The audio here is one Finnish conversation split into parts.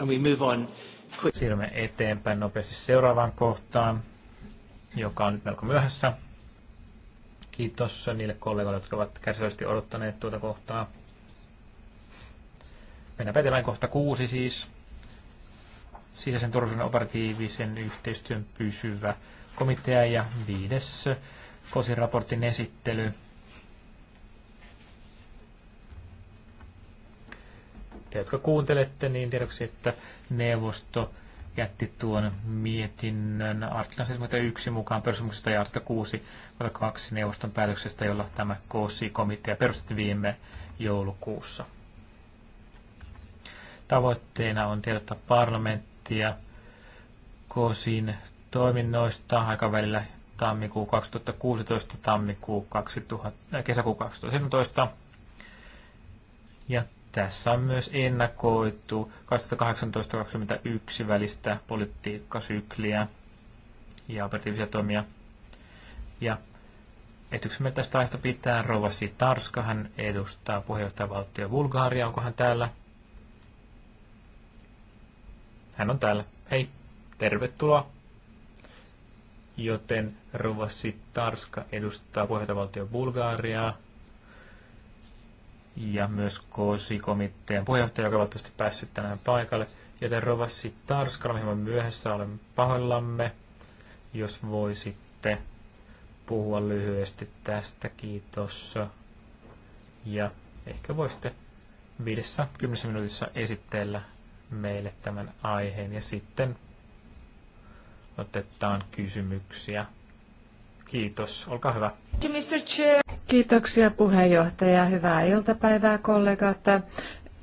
And we move on quick. Siirrymme eteenpäin nopeasti seuraavaan kohtaan, joka on nyt melko myöhässä. Kiitos niille kollegoille, jotka ovat kärsivällisesti odottaneet tuota kohtaa. Mennään eteenpäin kohta kuusi siis. Sisäisen turvallisuuden operatiivisen yhteistyön pysyvä komitea ja viides kosin raportin esittely. Te, jotka kuuntelette, niin tiedoksi, että neuvosto jätti tuon mietinnön artiklan 71 mukaan perussopimuksesta ja artikla 6 2 neuvoston päätöksestä, jolla tämä KC-komitea perustettiin viime joulukuussa. Tavoitteena on tiedottaa parlamenttia KOSin toiminnoista aikavälillä tammikuu 2016 tammikuu 2000, äh, kesäkuu 2017. Ja tässä on myös ennakoitu 2018-2021 välistä politiikkasykliä ja operatiivisia toimia. Ja esityksemme tästä aiheesta pitää rouva Sitarska. Hän edustaa puheenjohtajavaltio Bulgaria. Onko hän täällä? Hän on täällä. Hei, tervetuloa. Joten rouva Sitarska edustaa puheenjohtajavaltio Bulgariaa ja myös KOSI-komitean puheenjohtaja, joka on valitettavasti päässyt tänään paikalle. Joten Rovassi Tarskala, hieman myöhässä olen pahoillamme, jos voisitte puhua lyhyesti tästä, kiitos. Ja ehkä voisitte viidessä, kymmenessä minuutissa esitellä meille tämän aiheen ja sitten otetaan kysymyksiä. Kiitos, olkaa hyvä. Mr. Chair. Kiitoksia puheenjohtaja. Hyvää iltapäivää kollegat.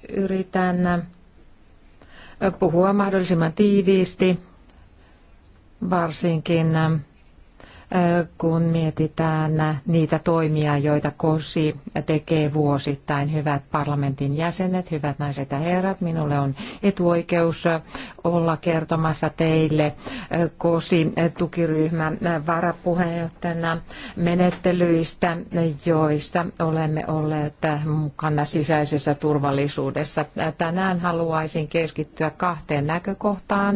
Yritän puhua mahdollisimman tiiviisti, varsinkin kun mietitään niitä toimia, joita KOSI tekee vuosittain. Hyvät parlamentin jäsenet, hyvät naiset ja herrat, minulle on etuoikeus olla kertomassa teille KOSI-tukiryhmän varapuheenjohtajana menettelyistä, joista olemme olleet mukana sisäisessä turvallisuudessa. Tänään haluaisin keskittyä kahteen näkökohtaan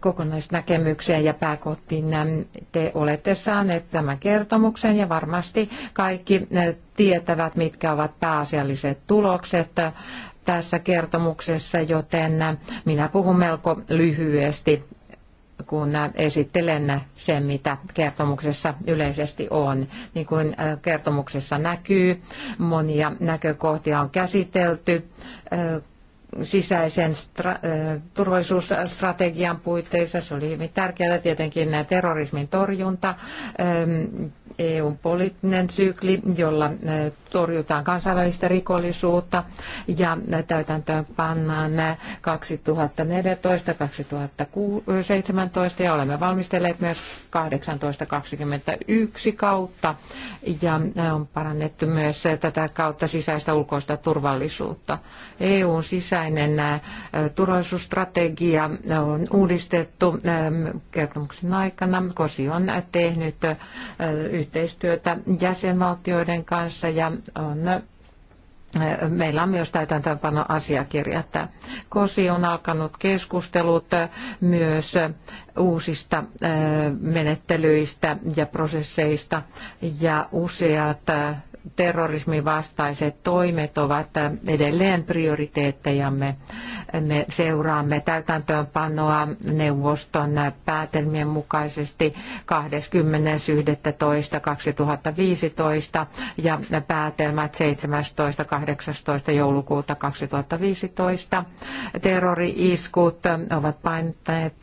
kokonaisnäkemykseen ja pääkohtiin. Te olette saaneet tämän kertomuksen ja varmasti kaikki tietävät, mitkä ovat pääasialliset tulokset tässä kertomuksessa, joten minä puhun melko lyhyesti kun esittelen sen, mitä kertomuksessa yleisesti on. Niin kuin kertomuksessa näkyy, monia näkökohtia on käsitelty sisäisen stra- turvallisuusstrategian puitteissa. Se oli hyvin tärkeää tietenkin terrorismin torjunta, EUn poliittinen sykli, jolla eh, torjutaan kansainvälistä rikollisuutta ja täytäntöön pannaan 2014-2017 eh, ja olemme valmistelleet myös 1821 kautta ja eh, on parannettu myös tätä kautta sisäistä ulkoista turvallisuutta. EUn sisäinen turvallisuusstrategia on uudistettu kertomuksen aikana. Kosi on tehnyt yhteistyötä yhteistyötä jäsenvaltioiden kanssa ja on Meillä on myös että KOSI on alkanut keskustelut myös uusista menettelyistä ja prosesseista ja useat terrorismin vastaiset toimet ovat edelleen prioriteettejamme me seuraamme täytäntöönpanoa neuvoston päätelmien mukaisesti 20.11.2015 ja päätelmät 17.18. joulukuuta 2015. Terrori-iskut ovat painottaneet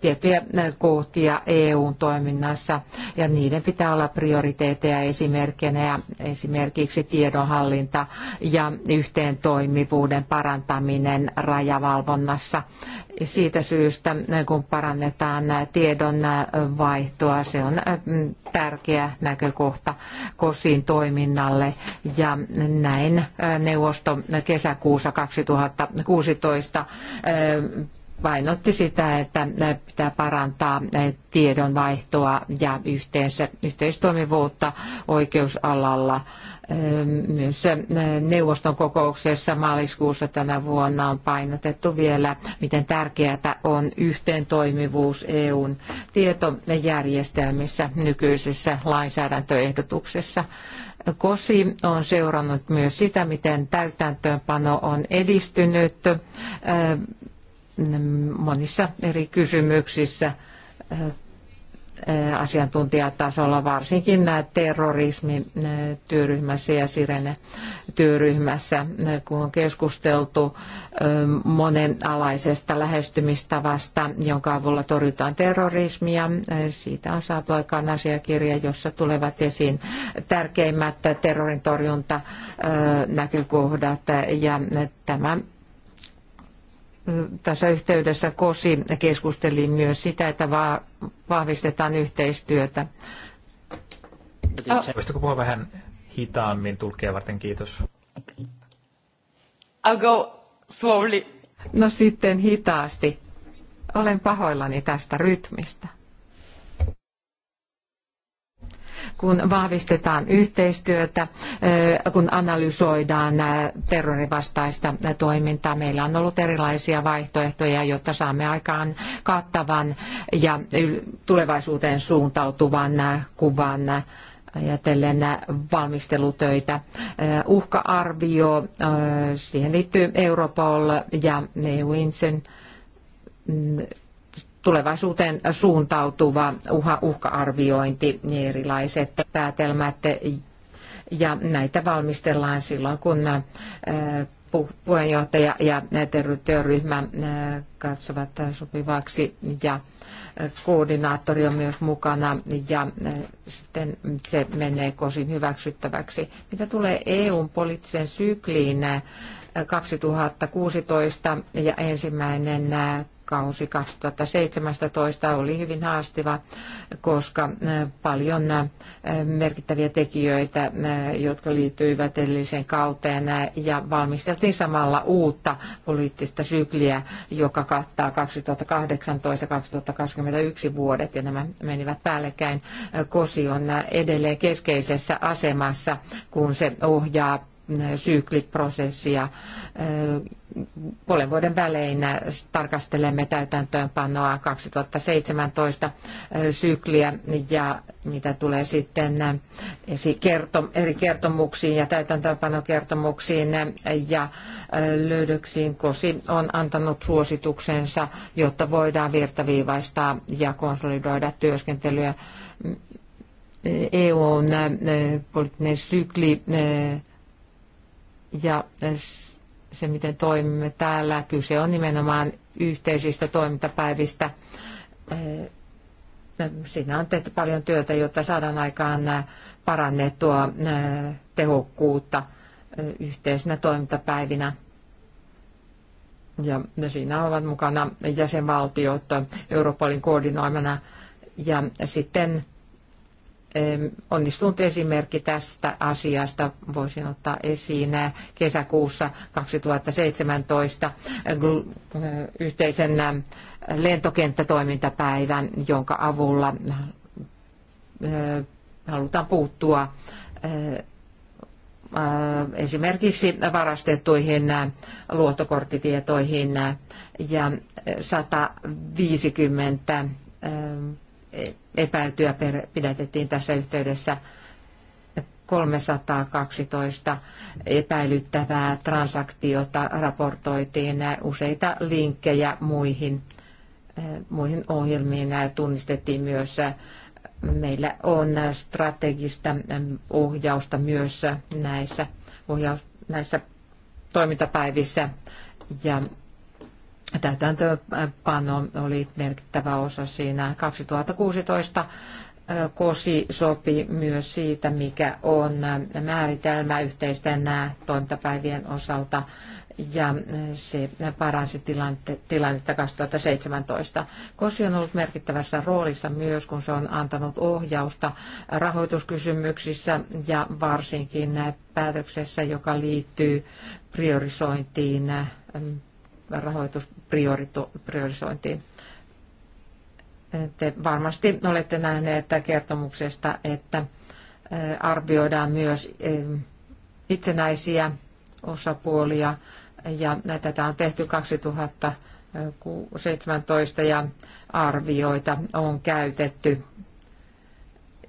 tiettyjä kohtia EUn toiminnassa ja niiden pitää olla prioriteetteja esimerkkinä ja esimerkiksi tiedonhallinta ja yhteen toimivuuden parantaminen edelleen rajavalvonnassa. Siitä syystä, kun parannetaan tiedon vaihtoa, se on tärkeä näkökohta kosin toiminnalle. Ja näin neuvosto kesäkuussa 2016 eh, painotti sitä, että pitää parantaa tiedonvaihtoa ja yhteensä, yhteistoimivuutta oikeusalalla Ehm, myös ehm, neuvoston kokouksessa maaliskuussa tänä vuonna on painotettu vielä, miten tärkeää on yhteentoimivuus EUn tietojärjestelmissä nykyisessä lainsäädäntöehdotuksessa. KOSI on seurannut myös sitä, miten täytäntöönpano on edistynyt ehm, monissa eri kysymyksissä asiantuntijatasolla, varsinkin terrorismin työryhmässä ja Sirene työryhmässä, kun on keskusteltu monenalaisesta lähestymistavasta, jonka avulla torjutaan terrorismia. Siitä on saatu aikaan asiakirja, jossa tulevat esiin tärkeimmät terrorin torjuntanäkökohdat ja tämä tässä yhteydessä KOSI keskusteli myös sitä, että vahvistetaan yhteistyötä. Oh. Voisitko puhua vähän hitaammin tulkkia varten, kiitos. I'll go slowly. No sitten hitaasti. Olen pahoillani tästä rytmistä. kun vahvistetaan yhteistyötä, kun analysoidaan terrorivastaista toimintaa. Meillä on ollut erilaisia vaihtoehtoja, jotta saamme aikaan kattavan ja tulevaisuuteen suuntautuvan kuvan ajatellen valmistelutöitä. Uhka-arvio, siihen liittyy Europol ja EU-Insen mm, tulevaisuuteen suuntautuva uhka-arviointi, niin erilaiset päätelmät ja näitä valmistellaan silloin, kun äh, puheenjohtaja ja työryhmä äh, katsovat sopivaksi ja äh, koordinaattori on myös mukana ja sitten se menee kosin hyväksyttäväksi. Mitä tulee EUn poliittiseen sykliin 2016 ja ensimmäinen kausi 2017 oli hyvin haastava, koska paljon merkittäviä tekijöitä, jotka liittyivät edelliseen kauteen ja valmisteltiin samalla uutta poliittista sykliä, joka kattaa 2018-2021 vuodet ja nämä menivät päällekkäin. Kosi on edelleen keskeisessä asemassa, kun se ohjaa ja Puolen vuoden välein tarkastelemme täytäntöönpanoa 2017 sykliä ja mitä tulee sitten eri kertomuksiin ja täytäntöönpanokertomuksiin ja löydöksiin. KOSI on antanut suosituksensa, jotta voidaan virtaviivaistaa ja konsolidoida työskentelyä mm, EUn poliittinen sykli ja eh, se, miten toimimme täällä. Kyse on nimenomaan yhteisistä toimintapäivistä. Eh, eh, siinä on tehty paljon työtä, jotta saadaan aikaan parannettua tehokkuutta yhteisinä toimintapäivinä. Ja siinä ovat mukana jäsenvaltiot Europolin koordinoimana ja sitten onnistunut esimerkki tästä asiasta voisin ottaa esiin kesäkuussa 2017 eh, yhteisen eh, lentokenttätoimintapäivän, jonka avulla eh, halutaan puuttua esimerkiksi varastettuihin luottokorttitietoihin ja 150 epäiltyä pidätettiin tässä yhteydessä 312 epäilyttävää transaktiota raportoitiin useita linkkejä muihin, muihin ohjelmiin. Tunnistettiin myös, meillä on strategista ohjausta myös näissä, ohjaus, näissä toimintapäivissä ja täytäntöpano oli merkittävä osa siinä. 2016 KOSI sopi myös siitä, mikä on määritelmä yhteisten toimintapäivien osalta ja se paransi tilannetta 2017. KOSI on ollut merkittävässä roolissa myös, kun se on antanut ohjausta rahoituskysymyksissä ja varsinkin päätöksessä, joka liittyy priorisointiin rahoituspriorisointiin. Te varmasti olette nähneet kertomuksesta, että arvioidaan myös itsenäisiä osapuolia ja tätä on tehty 2017 ja arvioita on käytetty,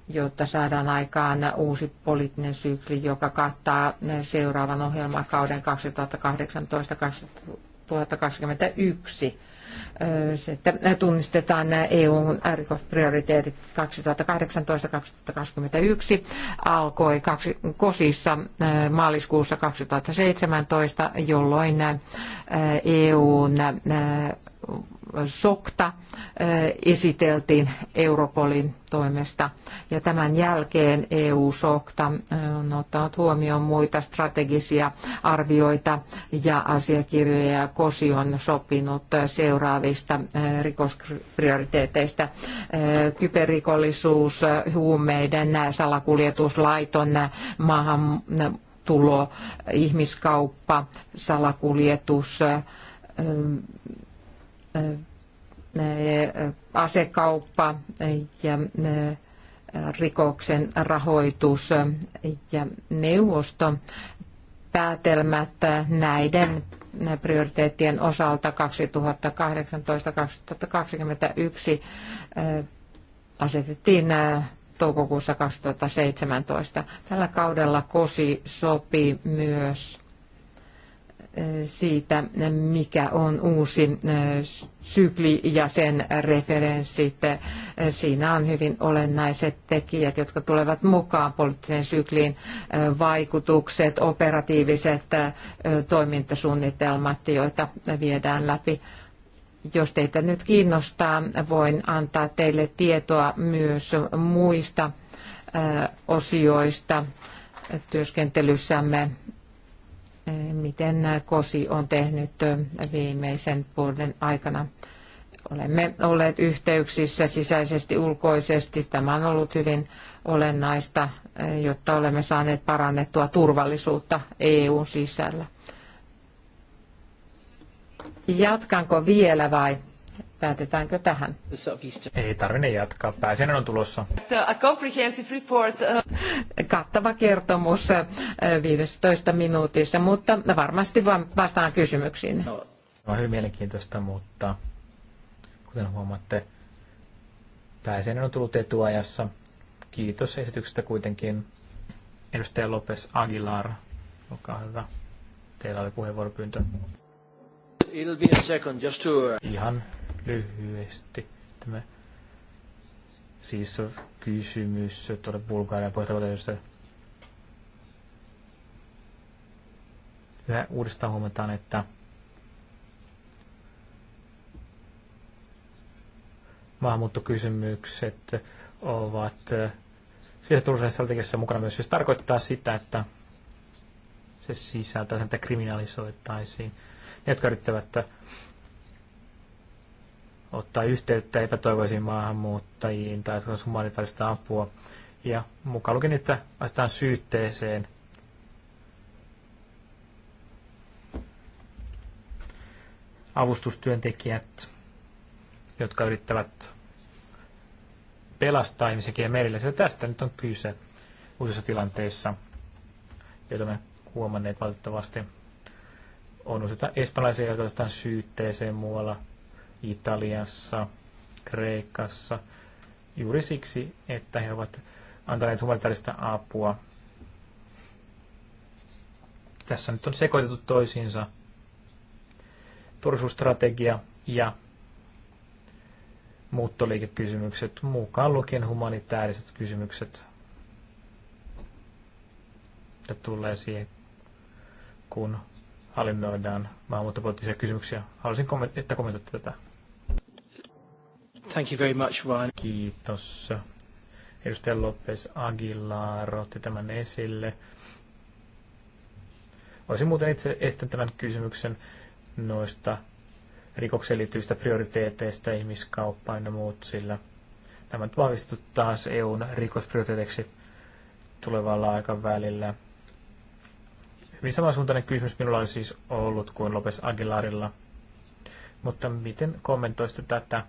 jotta saadaan aikaan uusi poliittinen sykli, joka kattaa seuraavan ohjelmakauden 2018 2021 se, että tunnistetaan nämä EUn rikosprioriteetit 2018-2021 alkoi kaksi, Kosissa maaliskuussa 2017, jolloin EUn SOKTA eh, esiteltiin Europolin toimesta. Ja tämän jälkeen EU-SOKTA eh, on ottanut huomioon muita strategisia arvioita ja asiakirjoja ja KOSI on sopinut seuraavista eh, rikosprioriteeteista. Kyberrikollisuus, huumeiden, salakuljetus, laiton maahantulo, ihmiskauppa, salakuljetus, asekauppa ja rikoksen rahoitus ja neuvosto päätelmät näiden prioriteettien osalta 2018-2021 asetettiin toukokuussa 2017. Tällä kaudella KOSI sopi myös siitä, mikä on uusi äh, sykli ja sen referenssit. Äh, siinä on hyvin olennaiset tekijät, jotka tulevat mukaan poliittiseen sykliin, äh, vaikutukset, operatiiviset toimintasuunnitelmat, joita viedään läpi. Jos teitä nyt kiinnostaa, voin antaa teille tietoa myös muista osioista työskentelyssämme miten KOSI on tehnyt viimeisen vuoden aikana. Olemme olleet yhteyksissä sisäisesti ulkoisesti. Tämä on ollut hyvin olennaista, jotta olemme saaneet parannettua turvallisuutta eu sisällä. Jatkanko vielä vai Päätetäänkö tähän? Ei tarvinne jatkaa. Pääsiäinen on tulossa. Uh, Kattava kertomus 15 uh, minuutissa, mutta varmasti vastaan kysymyksiin. No, on hyvin mielenkiintoista, mutta kuten huomaatte, pääsiäinen on tullut etuajassa. Kiitos esityksestä kuitenkin. Edustaja Lopes Aguilar, on hyvä. Teillä oli puheenvuoropyyntö. It'll be a second, just to... Uh, Ihan lyhyesti. Tämä siis on kysymys tuolle Bulgarian puheenjohtajavaltiosta. Yhä uudestaan huomataan, että maahanmuuttokysymykset ovat sisäturvallisuuden strategiassa mukana myös. Se siis tarkoittaa sitä, että se sisältää, että kriminalisoitaisiin ne, jotka yrittävät ottaa yhteyttä epätoivoisiin maahanmuuttajiin tai humanitaarista apua. Ja mukaan lukin, että asetetaan syytteeseen. avustustyöntekijät, jotka yrittävät pelastaa ihmisiä merillä. Sillä tästä nyt on kyse uusissa tilanteissa, joita me huomanneet valitettavasti. On useita espanjalaisia, joita syytteeseen muualla – Italiassa, Kreikassa, juuri siksi, että he ovat antaneet humanitaarista apua. Tässä nyt on sekoitettu toisiinsa turvallisuusstrategia ja muuttoliikekysymykset, mukaan lukien humanitaariset kysymykset. Tämä tulee siihen, kun hallinnoidaan maahanmuuttopoliittisia kysymyksiä. Haluaisin, että kommentoitte tätä. Thank you very much, Ryan. Kiitos. Edustaja Lopez Aguilar otti tämän esille. Olisin muuten itse estänyt tämän kysymyksen noista rikokseen liittyvistä prioriteeteista, ihmiskauppaan ja muut, sillä nämä nyt vahvistettu taas EUn rikosprioriteeteiksi tulevalla aikavälillä – Hyvin niin samansuuntainen kysymys minulla on siis ollut kuin Lopes Aguilarilla. Mutta miten kommentoisitte tätä?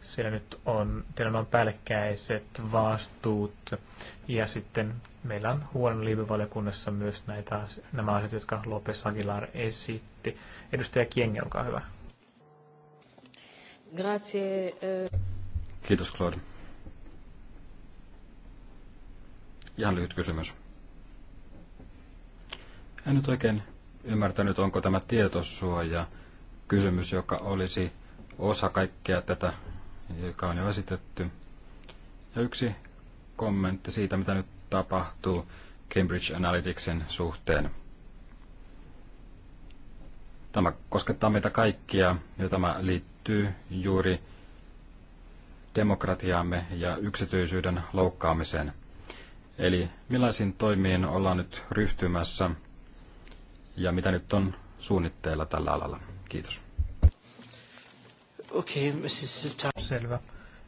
Siellä nyt on, teillä on päällekkäiset vastuut ja sitten meillä on huono liivivaliokunnassa myös näitä, nämä asiat, jotka Lopes Aguilar esitti. Edustaja Kienge, olkaa hyvä. Grazie. Eh. Kiitos, Claude. Ihan lyhyt kysymys. En nyt oikein ymmärtänyt, onko tämä tietosuoja kysymys, joka olisi osa kaikkea tätä, joka on jo esitetty. Ja yksi kommentti siitä, mitä nyt tapahtuu Cambridge Analyticsin suhteen. Tämä koskettaa meitä kaikkia ja tämä liittyy juuri demokratiaamme ja yksityisyyden loukkaamiseen. Eli millaisiin toimiin ollaan nyt ryhtymässä – ja mitä nyt on suunnitteilla tällä alalla? Kiitos. Okei, okay, Selvä.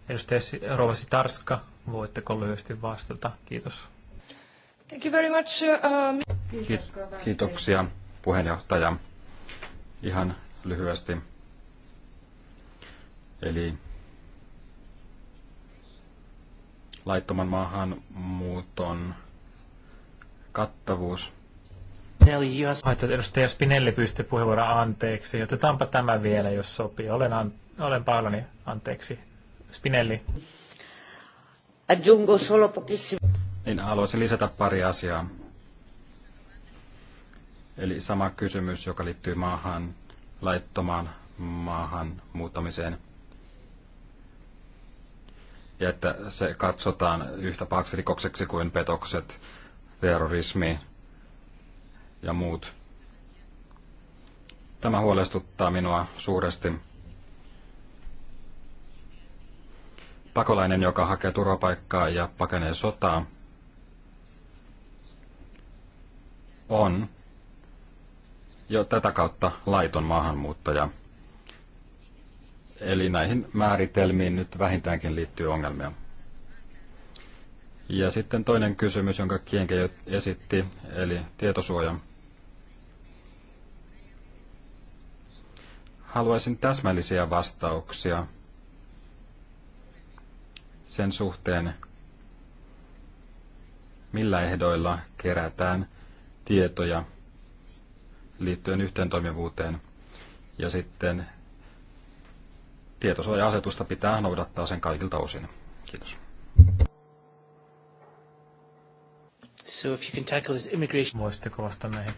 Edustaja rovasi Tarska, voitteko lyhyesti vastata? Kiitos. Thank you very much. Uh, um... Kiitoksia puheenjohtaja. Ihan lyhyesti. Eli laittoman maahanmuuton kattavuus Spinelli, you asked... Edustaja Spinelli pyysti puheenvuoron anteeksi. Otetaanpa tämä vielä, jos sopii. Olen, an... olen pahoillani anteeksi. Spinelli. Aggiungo solo pochissimo. Niin, haluaisin lisätä pari asiaa. Eli sama kysymys, joka liittyy maahan, laittomaan maahan muuttamiseen. Ja että se katsotaan yhtä pahaksi rikokseksi kuin petokset, terrorismi, ja muut. Tämä huolestuttaa minua suuresti. Pakolainen, joka hakee turvapaikkaa ja pakenee sotaa, on jo tätä kautta laiton maahanmuuttaja. Eli näihin määritelmiin nyt vähintäänkin liittyy ongelmia. Ja sitten toinen kysymys, jonka Kienke jo esitti, eli tietosuoja. haluaisin täsmällisiä vastauksia sen suhteen, millä ehdoilla kerätään tietoja liittyen yhteentoimivuuteen. Ja sitten tietosuoja-asetusta pitää noudattaa sen kaikilta osin. Kiitos. So if you can tackle this immigration... Voisitteko vastata näihin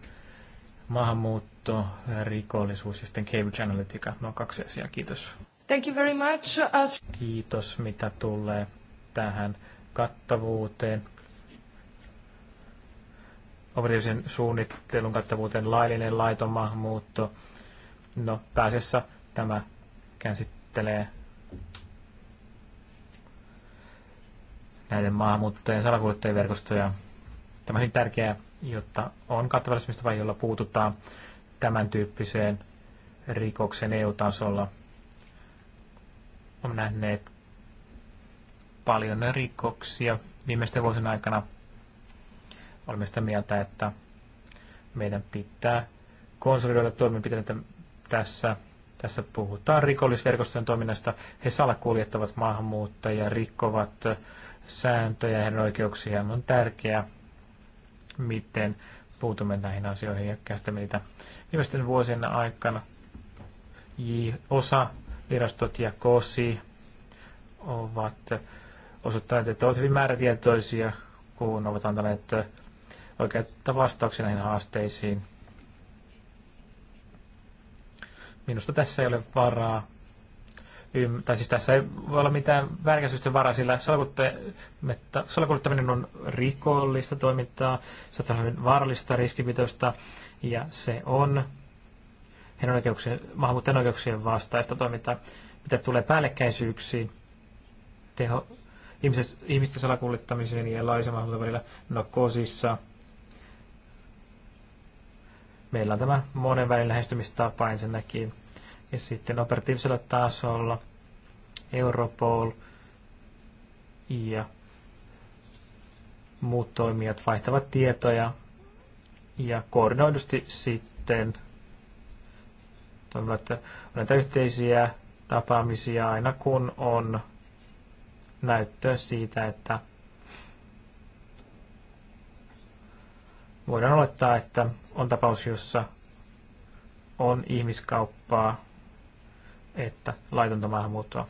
maahanmuutto, rikollisuus ja sitten Cambridge Analytica. No kaksi asiaa, kiitos. Thank you very much. As... Kiitos, mitä tulee tähän kattavuuteen. Operatiivisen suunnittelun kattavuuteen laillinen laiton maahanmuutto. No, pääsessä tämä käsittelee näiden maahanmuuttajien salakuljettajien verkostoja Tämä on hyvin tärkeää, jotta on kattavallisemmista vai jolla puututaan tämän tyyppiseen rikoksen EU-tasolla. Olemme nähneet paljon rikoksia viimeisten vuosien aikana. Olemme sitä mieltä, että meidän pitää konsolidoida toimenpiteitä tässä. Tässä puhutaan rikollisverkostojen toiminnasta. He salakuljettavat maahanmuuttajia, rikkovat sääntöjä ja heidän oikeuksiaan. On tärkeää, miten puutumme näihin asioihin ja käsitämme niitä viimeisten vuosien aikana. Osa virastot ja KOSI ovat osoittaneet, että ovat hyvin määrätietoisia, kun ovat antaneet oikeutta vastauksia näihin haasteisiin. Minusta tässä ei ole varaa tai siis tässä ei voi olla mitään väärinkäsitysten varaa, sillä salakuluttaminen on rikollista toimintaa, se on vaarallista, riskipitoista, ja se on heidän oikeuksien, maahanmuuttajan oikeuksien vastaista toimintaa, mitä tulee päällekkäisyyksiin, teho, ihmisten, ihmisten salakuljettamisen ja laillisen maahanmuuton välillä, no kosissa, meillä on tämä monen välin lähestymistapa ensinnäkin, ja sitten operatiivisella tasolla Europol ja muut toimijat vaihtavat tietoja ja koordinoidusti sitten toimivat näitä yhteisiä tapaamisia aina kun on näyttöä siitä, että voidaan olettaa, että on tapaus, jossa on ihmiskauppaa että laitonta maahanmuuttoa.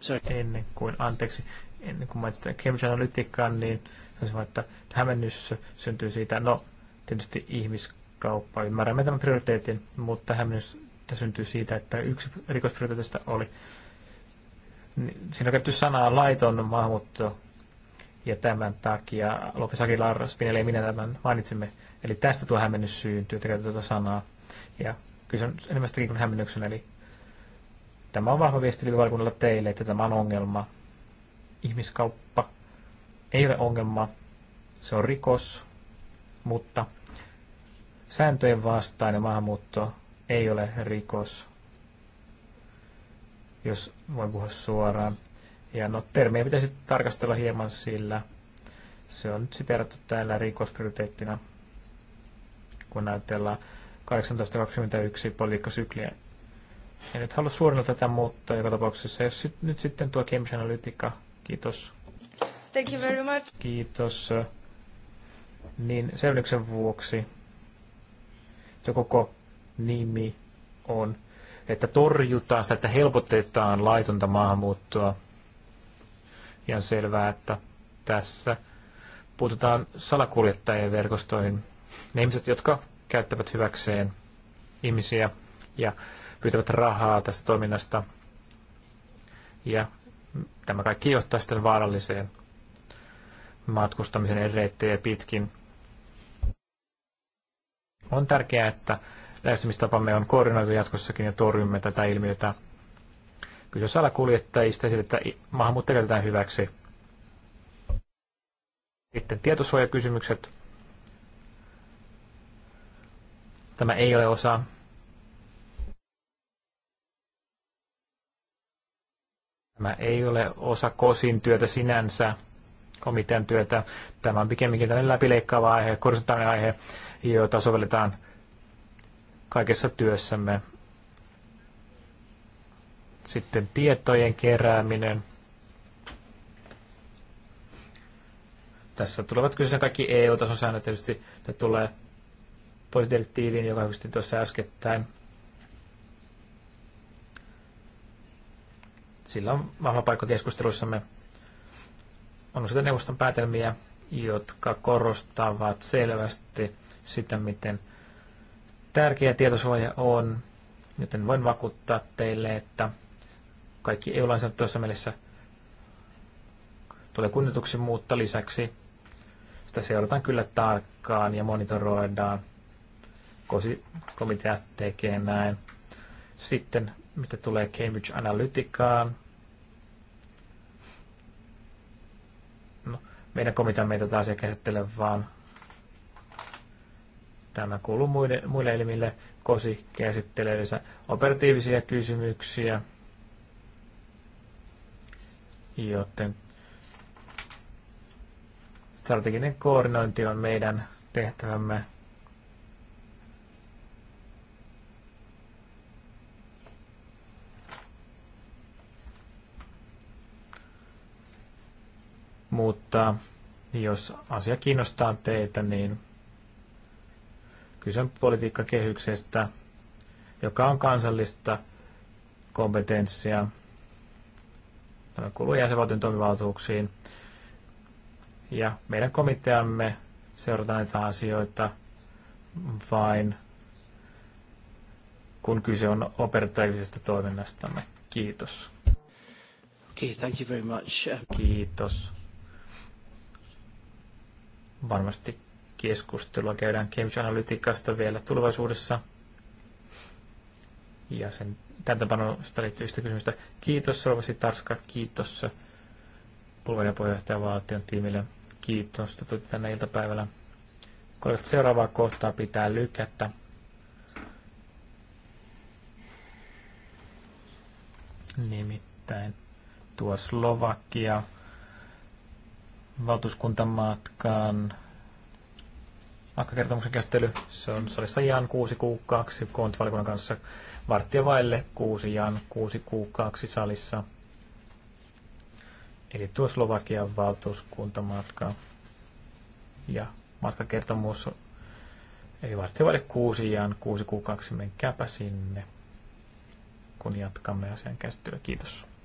Sorry. Ennen kuin, anteeksi, ennen kuin mainitsin Cambridge Analytican, niin sanoisin että hämmennys syntyy siitä, no tietysti ihmiskauppa, ymmärrämme tämän prioriteetin, mutta hämmennys syntyy siitä, että yksi rikosprioriteetista oli, niin siinä on käytetty sanaa laiton maahanmuutto, ja tämän takia Lopes Aguilar, Spinelli ja minä tämän mainitsimme. Eli tästä tuo hämmennys syntyy, että käytetään tuota sanaa. Ja kyllä se on enemmän kuin hämmennyksen, eli Tämä on vahva viesti liikuntavaliokunnalle teille, että tämä on ongelma. Ihmiskauppa ei ole ongelma, se on rikos, mutta sääntöjen vastainen maahanmuutto ei ole rikos, jos voin puhua suoraan. Ja no, termiä pitäisi tarkastella hieman sillä. Se on nyt siterattu täällä rikosprioriteettina, kun ajatellaan 1821 poliikkasykliä en nyt halua suorilla tätä muuttaa joka tapauksessa. Jos nyt sitten tuo Cambridge Analytica, kiitos. Thank you very much. Kiitos. Niin selvityksen vuoksi se koko nimi on, että torjutaan sitä, että helpotetaan laitonta maahanmuuttoa. Ihan selvää, että tässä puututaan salakuljettajien verkostoihin. Ne ihmiset, jotka käyttävät hyväkseen ihmisiä ja pyytävät rahaa tästä toiminnasta. Ja tämä kaikki johtaa sitten vaaralliseen matkustamisen reittejä pitkin. On tärkeää, että lähestymistapamme on koordinoitu jatkossakin ja torjumme tätä ilmiötä. Kyse salakuljettajista ja että maahanmuutta käytetään hyväksi. Sitten tietosuojakysymykset. Tämä ei ole osa Tämä ei ole osa kosin työtä sinänsä, komitean työtä. Tämä on pikemminkin tällainen läpileikkaava aihe, horisontaalinen aihe, jota sovelletaan kaikessa työssämme. Sitten tietojen kerääminen. Tässä tulevat kyseessä kaikki EU-tason säännöt, tietysti ne tulee direktiiviin, joka hyväksyttiin tuossa äskettäin. Sillä on vahva paikka keskusteluissamme. On useita neuvoston päätelmiä, jotka korostavat selvästi sitä, miten tärkeä tietosuoja on, joten voin vakuuttaa teille, että kaikki EU-lainsäädäntö tuossa mielessä tulee kunnioituksen muutta lisäksi. Sitä seurataan kyllä tarkkaan ja monitoroidaan. Kosi komitea tekee näin. Sitten mitä tulee Cambridge Analyticaan. No, meidän komitamme ei tätä asiaa käsittele, vaan tämä kuuluu muille, muille elimille. KOSI käsittelee operatiivisia kysymyksiä, joten strateginen koordinointi on meidän tehtävämme. Mutta jos asia kiinnostaa teitä, niin kyse on politiikkakehyksestä, joka on kansallista kompetenssia. Tämä kuuluu jäsenvaltion toimivaltuuksiin. Ja meidän komiteamme seurataan näitä asioita vain kun kyse on operatiivisesta toiminnastamme. Kiitos. Okay, thank you very much. Kiitos varmasti keskustelua käydään Cambridge Analyticasta vielä tulevaisuudessa. Ja sen täytäntöpanosta liittyvistä kysymystä. Kiitos Rovasi Tarska, kiitos Bulgarian puheenjohtajavaltion tiimille. Kiitos, että tulitte tänne iltapäivällä. Kollegat, seuraavaa kohtaa pitää lykätä. Nimittäin tuo Slovakia valtuuskuntamatkaan matkakertomuksen käsittely. Se on salissa Jan 6 kuukaaksi koontivalikunnan kanssa varttia vaille 6 Jan 6 kuukaaksi salissa. Eli tuo Slovakian valtuuskuntamatka ja matkakertomus. Eli varttia vaille 6 Jan 6 kuukaaksi. menkääpä sinne, kun jatkamme asian käsittelyä. Kiitos.